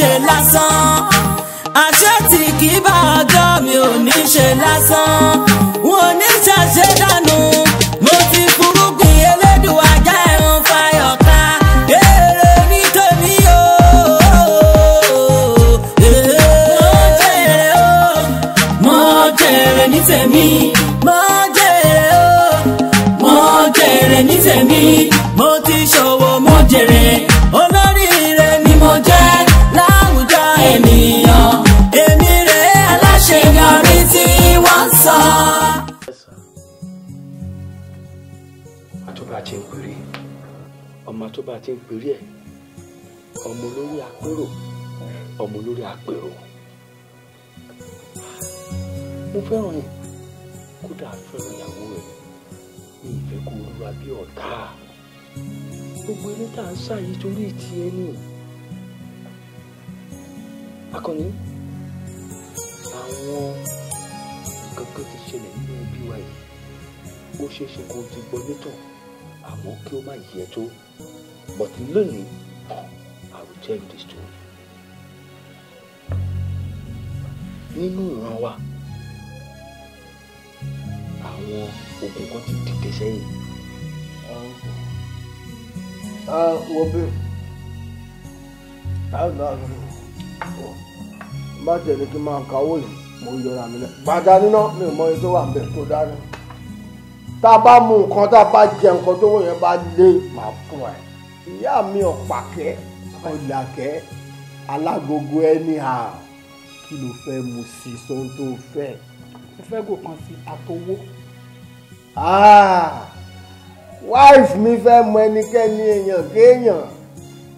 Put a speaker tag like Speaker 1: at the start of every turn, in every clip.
Speaker 1: ṣe lásán àṣẹ tí kì í bá ọjọ́ mi ò ní ṣe lásán.
Speaker 2: ti ń pèrè ẹ̀ ọmọ olórí àpérò ọmọ olórí àpérò mo fẹ́ràn yìí kódà fẹ́ràn ìyàwó rẹ̀ ní ìfẹ́ kó olúwa bí ọ̀tá gbogbo eré tá à ń ṣàyí torí ti ẹni akọni àwọn kankan ti ṣẹlẹ̀ nínú ẹbí wa yìí ó ṣeé kó o ti gbọ́ nítàn àmọ́ kí ó má yẹ tó but lónìí I will tell you the story. nínú ìran wa àwọn ogun kan ti dìde sẹ́yìn. wọ́n bẹ̀rẹ̀ táwọn náà lọ́wọ́ bá tẹ̀lé kí n máa kàwé yìí mo yọra mi lẹ gbàdá níná mi ò mọ iye tó wà bẹ tó dání tá a bá mú nǹkan tá a bá jẹ nǹkan tó wọ yẹn bá lé màá fún ẹ ìyá mi ọ̀pàkẹ́ ọ̀làkẹ́ alágogo ẹni hà kí ló fẹ́ mu sí sóhun tó fẹ́. mo fẹ́ gò kan sí àtọwó. Ah! wife mi fẹ́ mọ ẹnikẹ́ni èèyàn kéèyàn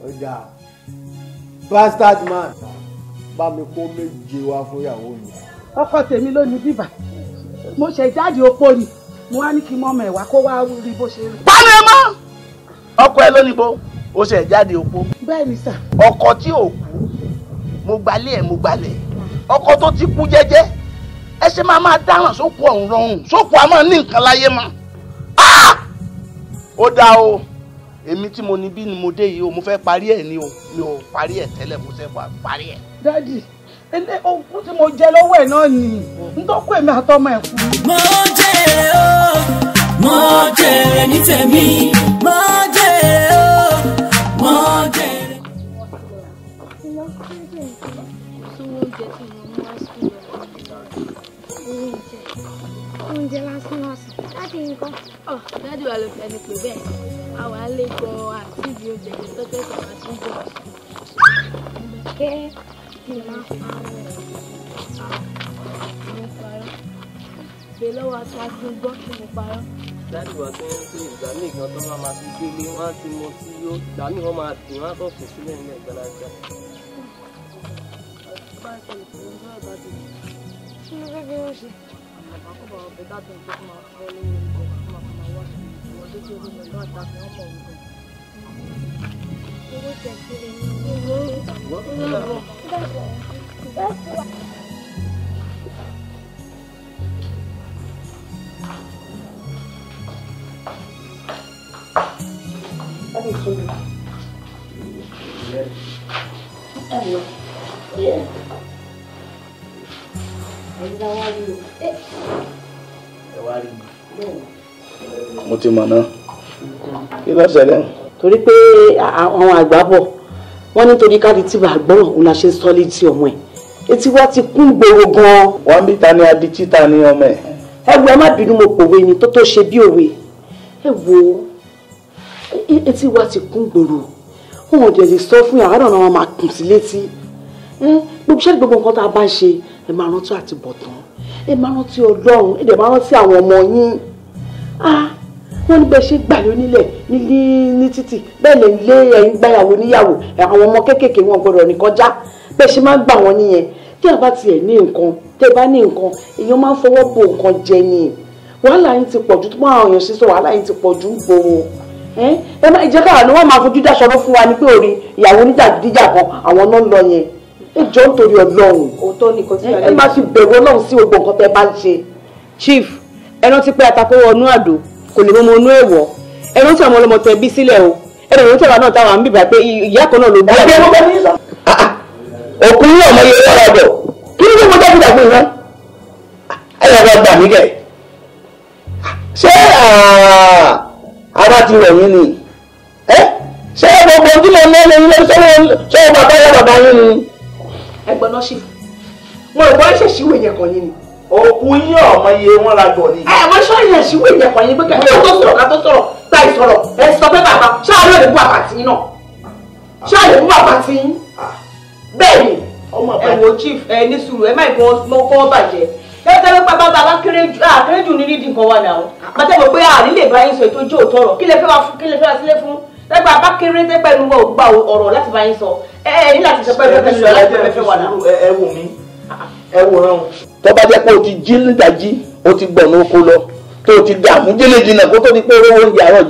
Speaker 2: ọjà bastard man bá mi kó méje wá fún ìyàwó mi. ọkọ tèmi ló ní bíbà mo ṣe jáde opó ni mo wá ní kí mọ́mọ́ ẹ̀ wá kó wá rí bó ṣe rí. bá mi mọ́ ọkọ ẹ lónìí bó o ṣe jáde opó. bẹ́ẹ̀ni sà. ọkọ tí ò kú mo gbalẹ̀ ẹ̀ mo gbalẹ̀ ọkọ tó ti kú jẹ́jẹ́ ẹ ṣe máa máa dáràn sókun ọ̀hún rọrùn sókun a máa ní nǹkan láyé mọ́. Ah! ó dáa o èmi tí mo ní bí ni mo dé yìí o mo fẹ́ parí ẹ̀ ni o mi ò parí ẹ̀ tẹ́lẹ̀ mo ṣe wà parí ẹ̀. dádì ẹni ogún tí mo jẹ lọ́wọ́ ẹ̀ náà nìyí ń tó kó èmi àtọmọ
Speaker 1: ẹ̀ kú. mo jèrè o mo jèrè ní tèmi mo jèrè o mo jèrè. oúnjẹ lásán lásán láti nǹkan. ọ dájú wa ló fi ẹni pè bẹ́ẹ̀ àwọn àlejò àti ibi oúnjẹ tó tẹsán àti oúnjẹ ọsàn. kẹ́ kí n máa pa àwọn ọ̀rọ̀ àwọn ọ̀rọ̀ béèrè lọ́wọ́ aṣáájú gbọ́ kí mo parọ́.
Speaker 2: dáàdì wa tó ń pè ìgbà míì gan tó máa máa fi délé wọn á ti mọ sí yó ìgbà míì wọn máa tì wọn á kọ kù sílẹ̀ nílẹ̀ gbalaja. kí
Speaker 1: ló fẹ́ fi ń ṣe. Thank you.
Speaker 2: lè ṣẹlẹ̀. mo ti mọ̀ náà kí ló ṣẹlẹ̀. torí pé àwọn àgbà bọ̀ wọ́n nítorí káàdì tí bàá gbọ́ràn òun la ṣe ń sọ létí ọmọ ẹ̀ etí wa ti kún gbòòrò gan-an. wọ́n bí ta ni adití ta ni ọmọ ẹ̀. ẹgbẹ́ má bínú mo pòwe ni tó tó ṣe bí òwe ẹ wo etí wa ti kún gbòòrò wọn ò dẹ̀ lè sọ fún yàrá náà wọn máa kùn sí létí gbogbo iṣẹ́ gbogbo nǹkan tá a bá ń ṣe ẹ máa rántí àti bọ̀tán ẹ máa rántí ọlọ́run ẹ dẹ̀ máa rántí àwọn ọmọ yín wọ́n ní bẹ́ẹ̀ ṣe gbàlè onílẹ̀ nílé ní títì bẹ́ẹ̀ lè lé ẹ̀yin gbáyàwó níyàwó àwọn ọmọ kéékèèké wọn gbọ́dọ̀ nìkan já bẹ́ẹ̀ ṣe máa ń gbà wọ́n nìyẹn tí a bá tiẹ̀ ní nǹkan tẹ́ ẹ bá ní nǹkan èèyàn máa ń fọwọ́ bo nǹkan jẹ ni wàhálà yín ti pọ̀ tó máa hàn yàn sí sọ wàhálà yín ti pọ̀ ń gbòòrò ẹ má ìjẹ́ káwọn ni wọ́n máa fojú dáṣọrọ fún wa ni pé orí ìyàwó onídàgídíjà kan àwọn náà ń lọ yẹn ẹ jọ ń torí ọlọ́run
Speaker 1: òótọ́ ni kò sí ẹ má fi
Speaker 2: bẹ̀rù ọlọ́run sí gbogbo nǹkan tẹ́ bá ń ṣe. chief ẹ rántí pé atakó wọnú àdó kò lè mọmọ inú èèwọ̀ ẹ rántí àwọn ọlọmọ tẹ́ bí sílẹ̀ o ẹ lè rántí àwọn náà táwọn à ń bìbà pé ìyá kan náà ló bí ẹ. Ah, ah. òkú ní ọmọ yẹn lọ́rọ̀ ọ̀dọ̀ kí ló dé mo dábìdà fún ara ti rẹ̀ yín ni ẹ ṣé gbogbo ojú lè mú ẹni lọ ṣé o bàbá yẹ bàbá yín ni. ẹgbẹ́ náà ṣì mo rò bọ́lá ṣèṣìwé yẹn kan yín ni. òkú yín ọmọ iye wọn la gbọ ni. ẹ mo ṣọ́ yẹn ṣìwé yẹn kan yín pé ká tó sọ̀rọ̀ ká tó sọ̀rọ̀ tá ì sọ̀rọ̀ ẹ sọ pé bàbá ṣáà lè mú bàbá tí yín náà ṣáà lè mú bàbá tí yín ah. bẹ́ẹ̀ ni ẹ wo chief ẹ ní sùúrù ẹ má ìbọn lọ́jọ́ wípé bàbá bá kéré jù àkéré jù ní nídìí wa nà ó bàtẹ́ mọ̀ pé àrí lè bá sọ ètò ojú òótọ́ ọ̀rọ̀ kí lè fẹ́ wá fún kí lè fẹ́ wá sílé fún lẹ́gbàá bá kéré tẹ́pẹ́ nu wọ́n gba ọ̀rọ̀ láti bá yín sọ ẹ ẹ nílà ti sọ pé fẹ́fẹ́ láti fẹ́ wà nà. ẹ wò mí ẹ wò rán o. tó bá jẹ́ pé o ti jí níta jí o ti gbọ̀nà oko lọ tó o ti dà fún jẹ́lẹ̀ jìnnà kó tó di pé owó oúnjẹ àárọ̀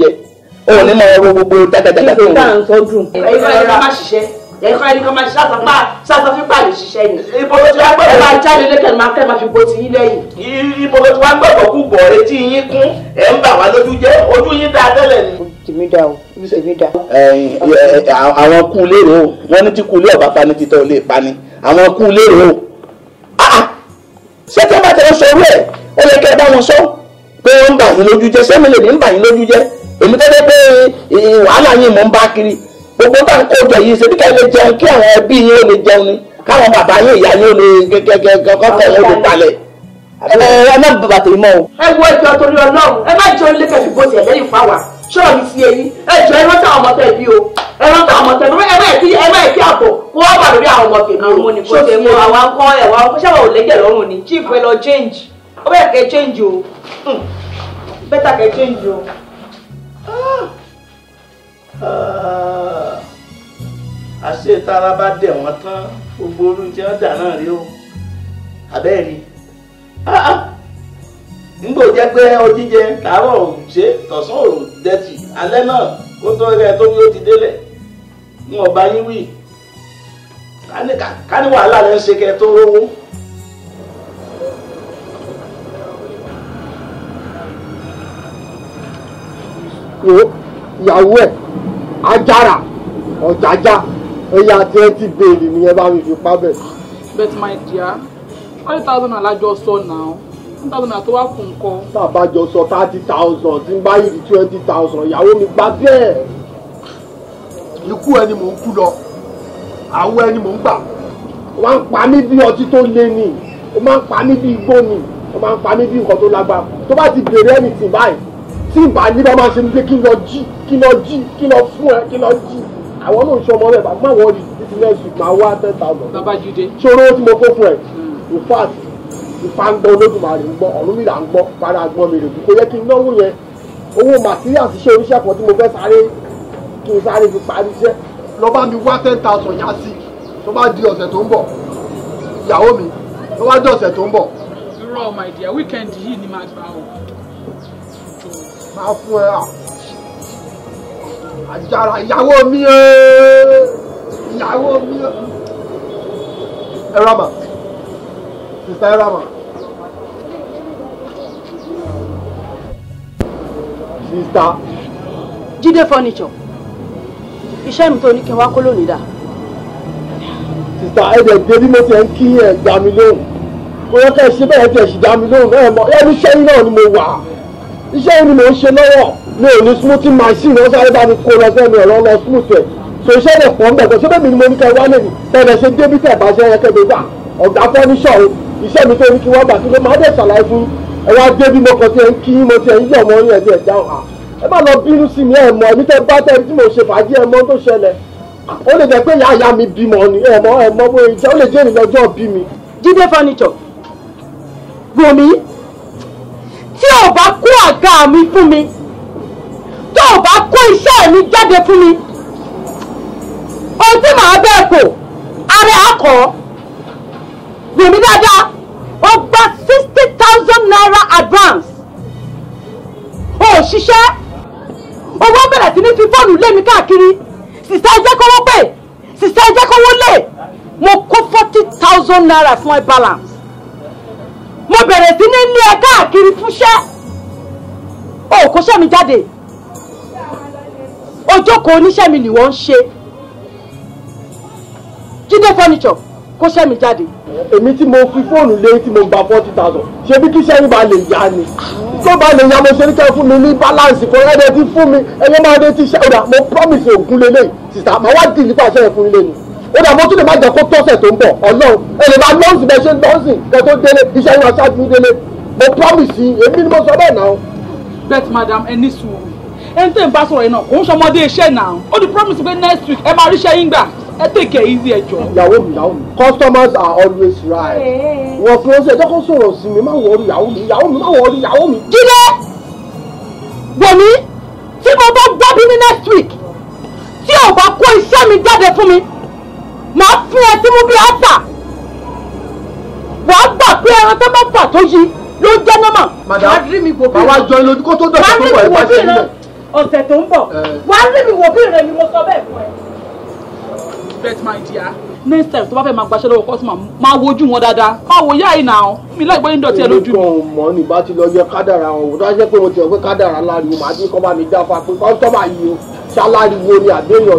Speaker 2: jẹ ẹ̀kọ́ ẹni kan máa ṣe ṣàtàpá ṣàtàfípà lè ṣiṣẹ́ ni. ibo ló ti wá gbọ́dọ̀. ẹ máa jáde lẹ́kẹ̀ máa kẹ́ máa fi bo ti yín lẹ́yìn. ibo ló ti wá gbọ́dọ̀ kú bọ̀ etí yín kún ẹ̀ ń bà wá lójú jẹ́ ojú yín dáa tẹ́lẹ̀ ni. tèmi dá o tèmi dá. àwọn kú lérò o wọn ní tí kú lé ọba pani títọ́ ò lè pani àwọn kú lérò o. Ah, ah. ṣé tí a bá tẹ ọ sọ owó ẹ ó lè kẹ ẹ bá wọn sọ pé ó ń bà yín lójú jẹ́ sẹ́mi lè ní ń bà yín lójú jẹ́ èmi tẹ́lẹ̀ pé wàhálà yín mọ̀ ń bá kiri gbogbo tá n kójọ yìí ṣe bí ká lè jẹun kí àwọn ẹbí yín ó lè jẹun ni káwọn bàbá yín ìyá yín ó lè gẹgẹgẹ kọkọ yín ó lè balẹ̀. ẹ má bàbà tèmi mọ́ o. ẹ wo ẹjọ́ torí Ọlọ́run ẹ má jẹun lé kẹfì bó tiẹ̀ lẹ́yìn fáwa ṣọ́ọ̀lù fi eyín ẹjọ́ ẹ rántí àwọn ọmọ tẹ bí o ẹ rántí àwọn ọmọ tẹ bí ẹ má ẹkí ẹ má ẹkí àbọ̀ kó wọ́n bà lórí àwọn ọmọ tèmi o ṣó ti mú àwa kọ́ ẹ̀wà ṣáà ò lẹ́jẹ̀ lọ́rùn ni chief ẹ lọ change ó bẹ̀ kẹ́ change o hmm. bẹ́tà kẹ́ change o.
Speaker 1: Ah a
Speaker 2: ah, àṣé tára bá dẹ̀ wọ́n tán gbogbo orú tí wọ́n dà náà rí o àbẹ́ẹ̀ ni ah, ah. nígbò jẹ́ pé ojíjẹ tàárọ̀ òṣè tọ̀sán òdẹ́tì alẹ́ náà kó tó rẹ̀ tó ní ó ti délẹ̀ ní ọba yín wì ká ní wàhálà rẹ̀ ń ṣe kẹ́ tó rówó. wo ìyàwó ẹ̀ ajára ọ̀jájá ẹ̀yà tí ẹ ti béèrè nìyẹn bá mi fi pa bẹ́ẹ̀. bet my dear one thousand alájọ sọ náà one thousand àti wá kún kọ. tàbájọ sọ thirty thousand tí n bá yìí twenty thousand ìyàwó mi gbà bẹ́ẹ̀. ikú ẹni mò ń kú lọ àwọ ẹni mò ń gbà wọ́n ń pa mí bí ọtí tó lé ni wọ́n máa ń pa mí bí igbó ni wọ́n máa ń pa mí bí nǹkan tó lágbára tó bá ti béèrè anything báyìí tí ìbàdí bá máa ṣe ní pé kí lọ jí kí lọ jí kí lọ fún ẹ kí lọ jí àwọn náà ń ṣọmọ rẹ bá máa wọlé títí next week máa wá ten thousand. Babájídé. ṣòro tí mo kó fún ẹ in fact ìfà ń gbọ́ olódùmarè ń gbọ́ ọ̀run mi là ń gbọ́ para gbọ́ mi rè kò yẹ kí n náwó yẹn owó màtíríà ṣiṣẹ́ oníṣẹ́ kan tí mo fẹ́ sáré kí n sáré fi parí iṣẹ́ lọ bá mi wá ten thousand yá sí tó bá di ọ̀sẹ̀ tó ń bọ̀ ìyàwó mi tó bá di ọ̀sẹ̀ tó ń bọ̀. irọ́ my dear weekend yìí ni màá gbà ó máa fún ẹ àjàrà ìyàwó mi ẹ ìyàwó mi ẹ. ẹ rama sista ẹ rama. sista. Jídé furniture iṣẹ́ mi tó ní kí n wá kó lónìí dà. sista ẹ dẹ̀ gbé bí mo ti ẹ̀ ń kí ẹ̀ gbà mí lóhùn mo yẹ ká ẹ ṣe bẹ́ẹ̀ tí ẹ sì dá mi lóhùn ẹ mọ ẹnu iṣẹ́ yín náà ni mo wà iṣẹ́ yìí ni mò ń ṣe lọ́wọ́ mi ò ní smoothing machine wọ́n sáré bá mi kó lọ sẹ́nu ẹ̀rọ lọ smooth ẹ̀ so iṣẹ́ rẹ̀ pọ̀ ń bẹ̀ ṣé bẹ́ẹ̀ mi ni mo ní kẹ́ wálé ni bẹ́ẹ̀ ṣe débí tẹ̀ bá ṣe ẹ̀kẹ́ mi wà ọ̀gá fọ́níṣọ̀ o iṣẹ́ mi tó ní kí wọ́n gbà kí ló máa dẹ̀ ṣàlàyé fún ẹ wá débí mo kàn ti ẹ̀ ń kí mo ti ẹ̀ ń yọ̀ mọ́ yẹn ẹ̀ já wa ẹ má lọ bínú sí mi ẹ mọ̀ ẹ̀mí tẹ bá tẹ tí mo ṣe fàájì ẹ mọ̀ tó ṣẹlẹ̀ ó lè jẹ́ pé ìyá ìyá mi bímọ ni ẹ mọ̀ ẹ mọ̀ bóyá ìjẹ́ ó lè jẹ́ ìrìnlọ́jọ́ bí mi. Jídé fọ́níṣọ̀ Wùmí
Speaker 1: tí ò bá kó àga mi fún mi tó ò bá kó iṣẹ́ mi jáde fún mi ohun tí màá bẹ́ẹ̀ kò ara akọ gbèmí dáadáa ó gba sixty thousand naira advance ó ṣiṣẹ́ owó bẹ̀rẹ̀ sí ní fi fóònù lé mi káàkiri sìsá ẹjẹ́ kọ́wọ́ pè sìsá ẹjẹ́ kọ́wọ́ lè mo
Speaker 2: kó forty thousand naira fún ẹ balance mo bẹ̀rẹ̀ sí ní ní ẹ káàkiri fúnṣẹ́ o kò ṣẹ́ mi jáde ojókòó oníṣẹ́ mi ni wọ́n ń ṣe jíde furniture kó ṣẹ́ mi jáde. èmi tí mo fi fóònù lé tí mo gba forty thousand ṣé bí kí sẹ́yìn bá lè yá ni tó bá lè yá mo ṣe ní kẹ́ fún mi ní balance kan ẹ̀ẹ́dẹ̀ ti fún mi ẹ̀yẹ́ máa dé ti ṣẹ́ ọ̀dà mo promise ògùn lélẹ̀ sísá màá wá dìlípàṣẹ́ ẹ̀ fún ilé ni ó dà mọ́tò lè má jẹ́ kó tọ́sẹ̀ tó ń bọ̀ ọlọ́run ẹ lè máa lọ́ọ̀sì bẹ́ẹ̀ ṣe ń lọ́ọ̀sì kẹ tó délé iṣẹ́ yín aṣáájú yín délé mo promise èmi ni mo sọ bẹ́ẹ̀ náà. bet madam ẹ ní sùúrù ẹ ń tẹ̀ ń bá sọ̀rọ̀ yìí náà kò ń ṣọmọdé iṣẹ́ náà ó di promise pé next week ẹ máa ríṣẹ́ yín gbà ẹ take it easy ẹ jọ. ìyàwó mi ìyàwó mi customers are always right wọ́n fi ránṣẹ́ ẹjọ́ kó sọ̀rọ̀ sí mi má wọrí ìyàwó mi ìyàwó mi má wọrí ìyàwó mi. jíde wọ̀mí tí mo bá gbọ́ bí ní
Speaker 1: next week tí ò bá kó iṣẹ́ mi jáde fún mi tí mú bí ápà wàá gbà pé ẹran tó bá fà tó yí ló jẹ́
Speaker 2: nọ́mà. màá rí mi wò bí ìran màá jọ ilé ojú kó tó dọ̀tí tó wà ìbá ṣe nílẹ̀. ọ̀sẹ̀ tó ń bọ̀ wàá rí mi wò bí ìran ni mo sọ bẹ́ẹ̀ fún ẹ. bet my dear next time tó bá fẹ́ máa gbaṣẹ́ lọ́wọ́ kọ́sùmọ̀ máa wojú wọn dáadáa máa wo yá ìnà àwọn mi láì gbóyè ń dọ̀tí ẹ lójú mi. olùkọ́ mọ́ bá ti lọ yẹ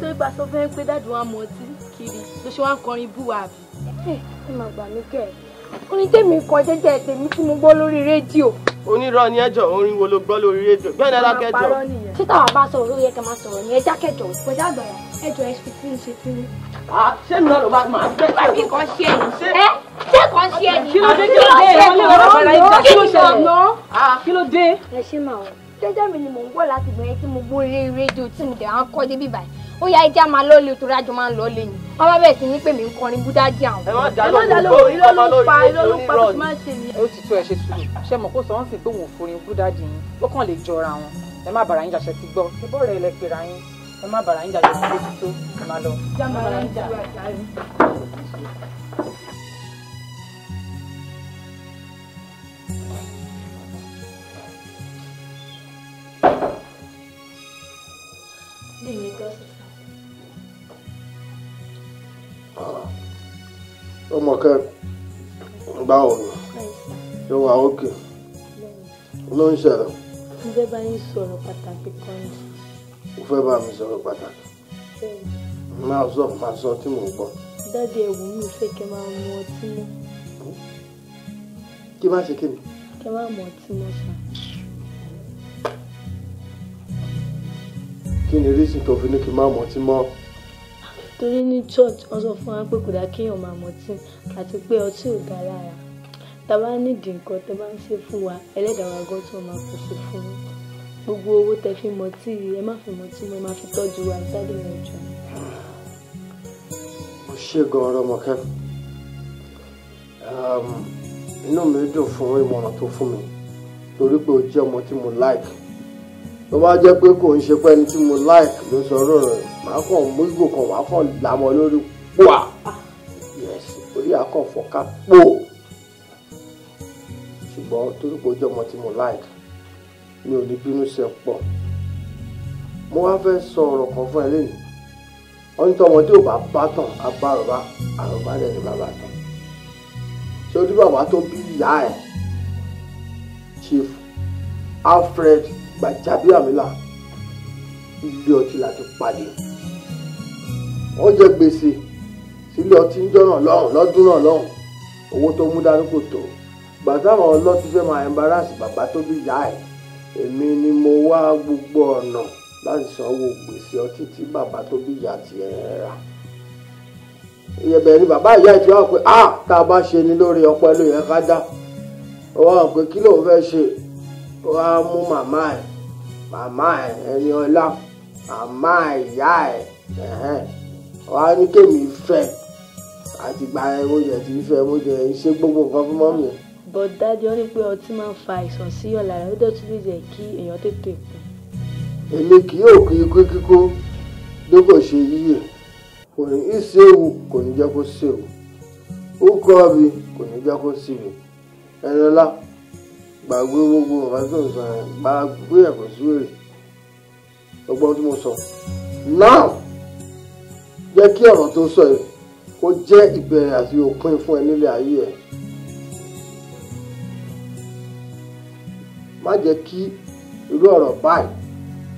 Speaker 1: nítorí pa sọ fẹ́ pé dáàdì wa mọ̀ ọtí kiri ló ṣe wá ń kọrin bú wa ẹ ẹ máa gbà mí kẹ orin tèmi kọ jẹjẹ tèmi tí mo gbọ́ lórí rédíò.
Speaker 2: onírọ́ ni ẹjọ́ orin wo ló gbọ́ lórí rédíò bẹ́ẹ̀ ni alákẹ́jọ́. ṣé táwa bá
Speaker 1: sọ̀rọ̀ ló yẹ kẹ́ máa sọ̀rọ̀ ni ẹja kẹjọ kọjá àgbàyà ẹjọ ẹ fi fún ṣe fún ah, ṣé mi náà ló bá máa gbé. wọ́n fi kàn ṣe ẹ̀yìn. ẹ ṣé kàn ṣe ẹ̀yìn. kí ló dé kí ló dé ìwọlé ọ̀rọ̀ ọ̀rọ̀ kí ló ṣẹlẹ̀ ah, kí ló dé. ẹ ṣe máa wọ jẹjẹ mi ni mò ń gbọ́ láti gbìyànjú tí mo gbọ́ rédíò tí mo
Speaker 2: dẹ̀ ó yá ẹjẹ́ máa lọ lé torí àjọ máa ń lọ lé ni wọ́n bá bẹ̀rẹ̀ sí ní pèmí ń kọrin búdá jẹ́ àwọn. ẹ má dá lóhùn ìlú ló ń pa ìlú ló ń pa bó ti máa ń ṣe nìyẹn. ó ti tó ẹ ṣe sùúrù ṣe mọ̀ kó sọ wọ́n sì pé òun ò forin búdá dì yín ó kàn lè jọra wọn ẹ má bàrà yín jàṣẹ ti gbọ́ ṣé bọ́ọ̀rẹ̀ ilẹ̀ pèrà yín ẹ má bàrà yín jàṣẹ ti gbé ti tó ẹ má lọ. Jùmọ̀kẹ́ báwo ni ṣé wà ókè ló ń ṣẹlẹ̀.
Speaker 1: mo fẹ́ bá yín sọ̀rọ̀ pàtàkì kan ni.
Speaker 2: mo fẹ́ bá mi sọ̀rọ̀ pàtàkì. máa sọ máa sọ tí mò ń gbọ́.
Speaker 1: dáàdi ẹ̀wù mi fẹ́ kẹ́ máa mu ọtí mọ́. kí máa ṣe kí ni. kẹ́ máa mu ọtí mọ́ sàn.
Speaker 2: kí ni rísìn tó fi ní kí n máa mu ọtí mọ́
Speaker 1: torí ní church wọ́n sọ fún wa pé kò dá kéèyàn máa mọtí àti pé ọtí ò dá lára tá a bá nídìí nǹkan tẹ́ bá ń ṣe fún wa ẹlẹ́dàá wa gan tí wọ́n máa kó ṣe fún yín gbogbo owó tẹ́ fi mọtí ẹ má fi mọtí mo máa fi tọ́jú wa jáde ìrìnàjò.
Speaker 2: mo ṣe gan-an rọmọkẹ́ inú mi dùn fún ìmọ̀ràn tó fún mi torí pé o jẹ́ ọmọ tí mo like tó bá jẹ́ pé kò ń ṣe pé ẹni tí mo like ló sọ ọ̀rọ̀ rẹ̀ màá kàn mú ìgò kan màá kàn làmọ́ lórí pòà yes orí àkànfọ̀ ká pò ṣùgbọ́n torí pé ojú ọmọ tí mo like mi ò ní bínú ṣe pọ̀ mo wá fẹ́ sọ ọ̀rọ̀ kan fún ẹ lẹ́nu ọ̀hún tí ọmọdé ò bá bá tàn abá àròbá àròbá rẹ̀ ní bàbá tán ṣé o ní bàbá tó bí ìyá ẹ̀ Chief Alfred Gbàjábíàmílà ilé ọtí la ti pàdé wọ́n jẹ gbèsè sílé ọtí ń jọ́nà lọ́rùn lọ́dún náà lọ́rùn owó tó mú dání kò tó gbàtàwọn ọlọ́tí fẹ́ máa embarrass bàbá tó bí yá ẹ̀ èmi ni mo wá gbogbo ọ̀nà láti sanwó gbèsè ọtí tí bàbá tó bí yá ti ẹ̀ rà ìyẹ̀bẹ̀ ni bàbá ìyá ìtura pé a tá a bá ṣe ni lórí ọpẹ́ ló yẹ ká dá wọ́n pé kí lóun fẹ́ ṣe wọ́n á mú màmá ẹ̀ màmá ẹ̀ ẹni ọlá màmá ìyá ẹ̀ ẹ̀hẹ́n wàá ní kémi fẹ́ àtìgbà ẹ̀ mo jẹ̀ ti fẹ́ mo jẹ̀ ń ṣe gbogbo nǹkan fún mọ́mì ẹ̀
Speaker 1: but dájú ó ní pé ọtí máa ń fa àìsàn sí ọ̀la rẹ̀ ó dẹ̀ tún lè jẹ́ kí èèyàn tètè kú.
Speaker 2: èmi kì yóò kí ikú kíkó bí kò ṣe yíyẹ kò ní í séwu kò ní jẹ́ kó séwu ó kọ́ mi kò ní jẹ́ kó sí mi ẹni ọlá gbàgbé gbogbo ọ̀rọ̀ tó ń sọ yẹn gbàgbé ẹ̀kọ́ sí wèrè ọgbọ́n tí mo sọ now jẹ́ kí ọ̀rọ̀ tó sọ yìí kó jẹ́ ìbẹ̀rẹ̀ àti òpin fún ẹ nílé ayé ẹ má jẹ́ kí irú ọ̀rọ̀ báyìí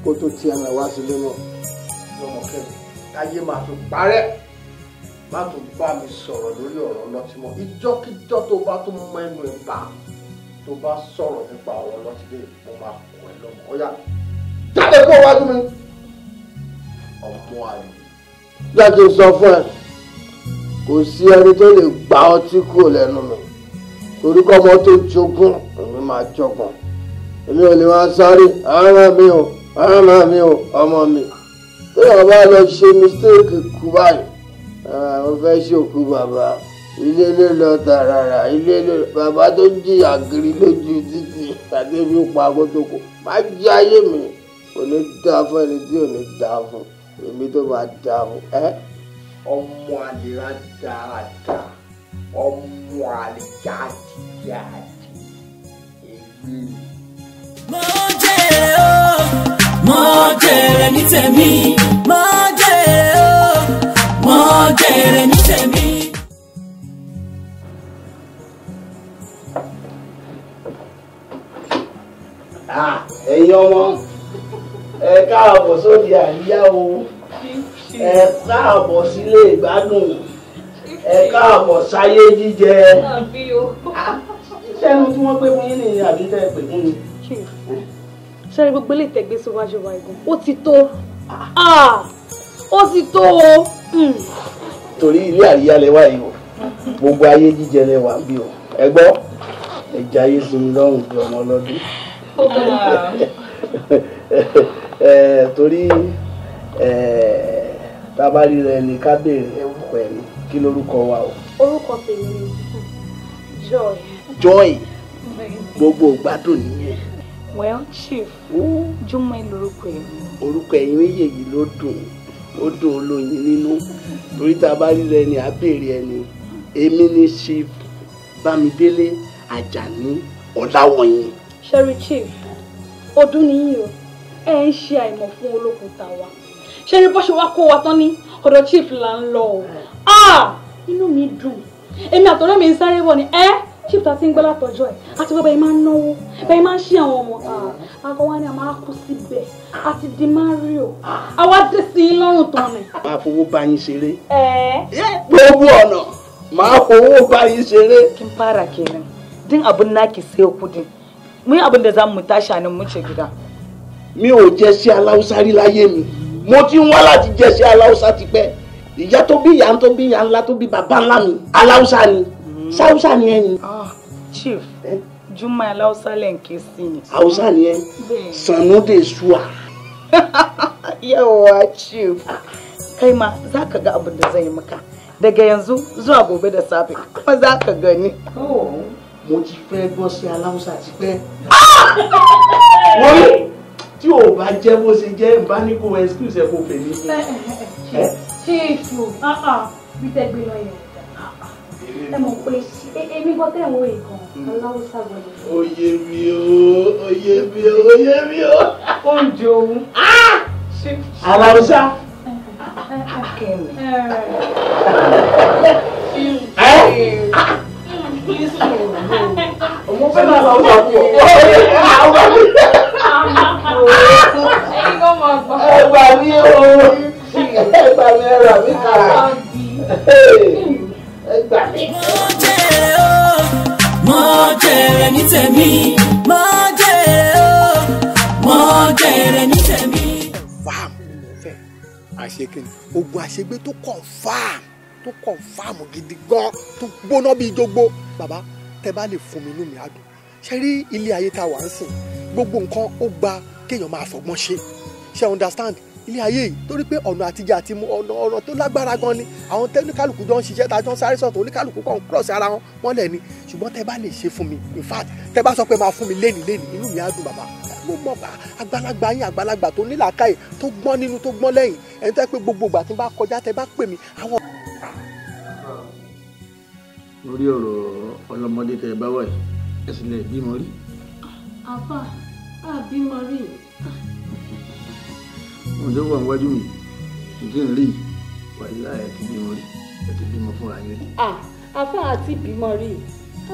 Speaker 2: kó tó ti ẹnu ẹ̀ wá sílé náà. lọ́mọkẹ́mi ayé máa tún parẹ́ má tún bá mi sọ̀rọ̀ lórí ọ̀rọ̀ lọ́tí mọ́ ìjọ́kíjọ́ tó bá tún mọ ẹnu ẹ̀ bá a tó bá sọ̀rọ̀ nípa ọ̀rọ̀ lọ́sídẹ̀ mo máa kọ́ ẹ lọ́mọ ọ̀yá jáde kó wájú mi ọmọ àlè. jáde sọ fún ẹ kò sí ẹni tó lè gbá ọtí kúrò lẹ́nu mi torí kọ́ ọmọ tó jogún èmi máa jọgbọ̀n èmi ò lè máa sáré ara mi o ara mi o ọmọ mi tó yàrá bá lọ ṣe mistake kú báyìí mo fẹ́ ṣe òkú bàbá ilé ló lọ tààràrà ilé ló bàbá tó ń jìyà kiri lójú títì tàbí ebi pa kótókó má jí ayé mi kò ní dá fún ẹni tí ò dá fún èmi tó máa dá fún ẹ. ọmọ àlèrà dáadáa ọmọ àlèjà àdìyà èmi.
Speaker 1: mo jèrè o mo jèrè ní tèmi mo jèrè o mo jèrè ní tèmi.
Speaker 2: ẹ̀yin ọmọ ẹ káàbọ̀ sóde àríyá o ẹ káàbọ̀ sílé ìgbádùn ẹ káàbọ̀ sáyé jíjẹ sẹ́nu tí wọ́n pé fún yín nìyí àbí tẹ́ ẹ pè fún mi.
Speaker 1: sẹ́ni gbogbo ilé ìtẹ̀gbẹ́ síwájú wa igun ó ti tó ah. Ah. ó ti tó o. Hmm.
Speaker 2: torí ilé àríyá lẹ́wà yìí o gbogbo ayé jíjẹ lẹ́wà bí o ẹ gbọ́ ẹ jayé sinmi lọ́rùn bí ọmọ ọlọ́dún. torí tá a bá rí rẹ ní kábèrè ẹwùkọ ẹ ní kí lorúkọ wa o.
Speaker 1: orúkọ tèmi ni joy.
Speaker 2: joy gbogbo gbádùn
Speaker 1: nìyẹn. well chief júmọ́ ẹ lorúkọ ẹ. orúkọ ẹ̀yin méjèèjì ló
Speaker 2: dùn ó dùn olóyin nínú torí tá a bá rí rẹ ní abèrè ẹ ní èmi ni chief bámidélé àjàní ọ̀làwọ̀yìn
Speaker 1: sherry chief ọdún nìyí o ẹ ń ṣe àìmọ̀ fún olókùn tàwa sherry bó ṣe wá kó wa tán ní ọ̀dọ̀ chief là ń lọ o ah! inú mi dùn èmi àtọ̀rẹ́ mi ń sáré bọ̀ ni ẹ́ chief ta ti ń gbẹ́ látọjọ́ ẹ̀ àti pé bẹ́ẹ̀ máa ń náwó bẹ́ẹ̀ máa ń ṣí àwọn ọmọ àgọ́ ah! wa ni a máa kú síbẹ̀ àti di mario àwa dé sí i lọ́rùn tán ni.
Speaker 2: máa fowó bá yín ṣeré. gbogbo ọ̀nà máa
Speaker 1: fowó bá yín ṣeré. kin fara kenan din abun naki sai kudin mu yi abin da za mu tashi nan mu ce gida.
Speaker 2: mi o jẹ si alausa rí láyé mi mo ti ń wá láti jẹ alausa ti tipẹ́ ìyá tó bí ìyá tó bí ìyá ńlá tó bí bàbá ńlá mi alausa ni mm-hmm. sáwùsá ni ẹ ni.
Speaker 1: Ah, chief juma alausa lè ń ké sí ni. haúsá ni ẹ sanu de sua. yawa
Speaker 2: chief kai ma za ka ga abin da zai maka daga yanzu zuwa gobe da safe kuma za ka gani. Oh. mo ti fẹ́ gbọ́ sí aláwùsà ti pẹ́. wọ́n rí tí ò bá jẹ́ bó ṣe jẹ́ nbá ní kó excuse ẹ̀ kó fè mí.
Speaker 1: ṣé èso bí tẹ́ gbé lọ yẹn ẹ mọ̀ pé èmi gbọ́ tẹ̀ ń wo ìkan aláwùsà gbọ́dọ̀.
Speaker 2: oyè mi o oyè mi o oyè mi o. oúnjẹ òun.
Speaker 1: aláwùsà. akẹ́mi. máa kú ọ ó máa kú ni mo fẹ́
Speaker 2: àṣekínni ogun àṣegbé tó kàn fáàmù tó kàn fáàmù gidi gan tó gbóná bíi jogbo bàbá tẹ bá lè fún mi inú mi á ṣe rí ilé ayé tá a wà ń sìn gbogbo nǹkan ó gba kéèyàn máa fọgbọ́n ṣe ṣe understand ilé ayé yìí torí pé ọ̀nà àtijọ́ àti ọ̀nà tó lágbára gan ni àwọn tẹ́níkàlùkù jọ ń ṣiṣẹ́ tá a jọ ń sáré sọ̀tọ̀ oníkàlùkù kan cross ara wọn wọ́n lẹ̀ ni ṣùgbọ́n tẹ́ bá lè ṣe fún mi in fact tẹ́ bá sọ pé máa fún mi lénìí lénìí inú mi á dùn bàbá mo mọ̀ bá àgbàlagbà yín àgbàlagbà tó ní làákàyè tó gbọ́n nínú tó gbọ́n lẹ́yìn ẹni tẹ́ pé gbogbo ìgbà tí n bá kọjá tẹ́ bá pè mí àwọn. lórí ọ̀rọ̀ ọlọ́mọdé tẹ́ bá wà ẹsùn lè bímọ rí.
Speaker 1: àfà á bímọ rí.
Speaker 2: ǹjẹ́ wà níwájú mi kí n rí wàhálà ẹ̀ ti bímọ rí ẹ̀ ti bímọ fúnra yín rí. àfà àti bímọ rí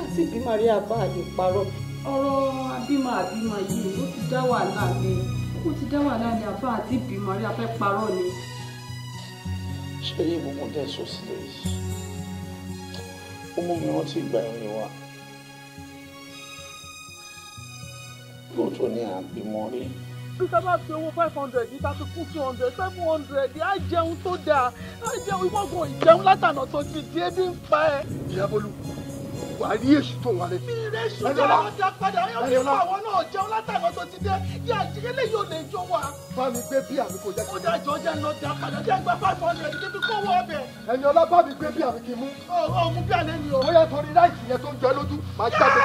Speaker 2: àti bímọ rí àfà àti parọ́. ọ̀rọ̀ abímọ àbímọ yìí ó ti dá wàhálà mi ó ti dá wàhálà mi àfà àti bímọ rí afẹ́ parọ́ ni. ṣé iye gbogbo dẹ̀ sọ sílẹ̀ yìí ó mú mi rántí ìgbà ẹ̀rín wa. lóòótọ́ ní à ń bímọ rí. bí ká bá fi owó five hundred yìí ká fi kún two hundred seven hundred yìí á jẹun tó dáa á jẹun ìwọ́gun ìjẹun látànà tó ti di ebi ń pa ẹ. ìyá bọ́lú wàá rí èsì tó wà lẹ. ìrẹ ṣùgbọ́n àwọn ti apadà ayọ̀ fi fún àwọn náà jẹun látàgbà tó ti dé yí àjẹkẹ́lẹ́ yóò lè jó wa. bá mi gbé bí àmì kò jẹ́ kí n mú. ó dájọ́ jẹ́ lọ da padà jẹ́ gba five hundred kí n fi kówó ọbẹ̀. ẹni ọlá bá mi gbé bí àmì kì í mú. ọ̀ mú bí alẹ́ ni o. ó torí láìsí yẹn tó ń jẹ lójú máa jáde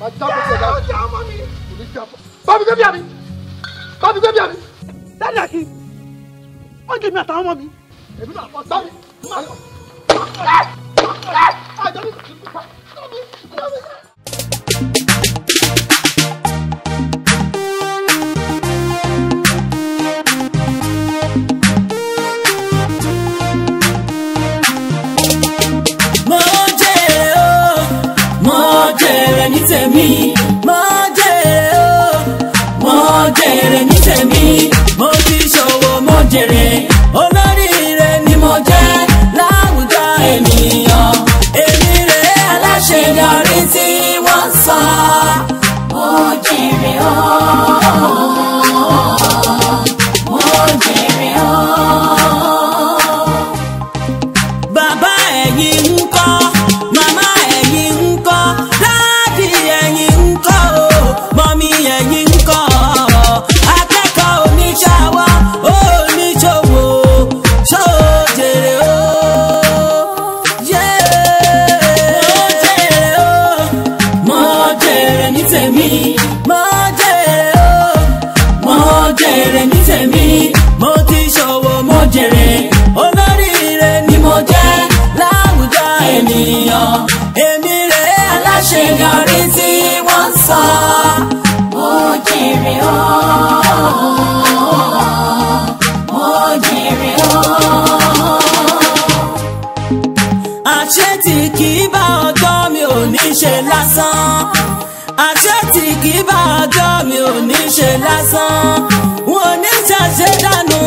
Speaker 2: máa jáde kò ní dàpọ̀ bábí gbé bí àmì bábí gbé bí àmì. dáàdì àkì wọ́n jẹ́ mi àtàwọn ọmọ mi. èmi náà fọ́ bábí. àjọ mi kò ní pa bábí bábí.
Speaker 1: ní tèmi. mo jèrè o mo jèrè ní tèmi mo ti ṣòwò mo jèrè olóríire ni mo jẹ́ láwùjọ ènìyàn èmi rè aláṣeyọrí tí wọ́n sọ mo jèrè o. mo jèrè o. àṣetì kì í bá ọjọ́ mi ò ní ṣe lásán àṣẹ tí kì í bá ọjọ́ mi ò ní ṣe lásán wọn ò ní ṣàṣẹ dànù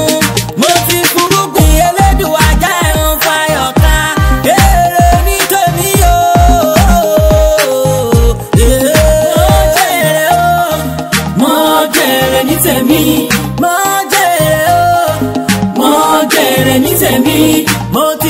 Speaker 1: mo fi kúrúgbìn elédùn ajá ẹran fayọ̀ ká èrè ní tèmi o mo jèrè o mo jèrè ní tèmi mo jèrè o mo jèrè ní tèmi mo jèrè.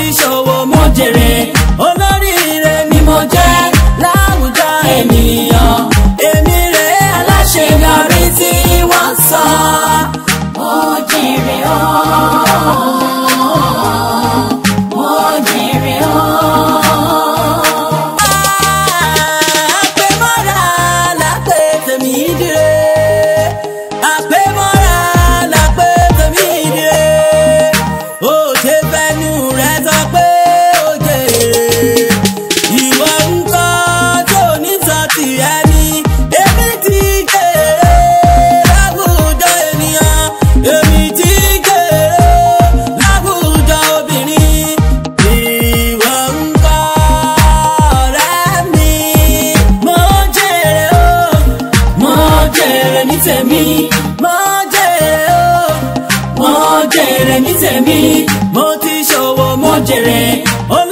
Speaker 1: mi mo ti ṣòwò mo jèrè ó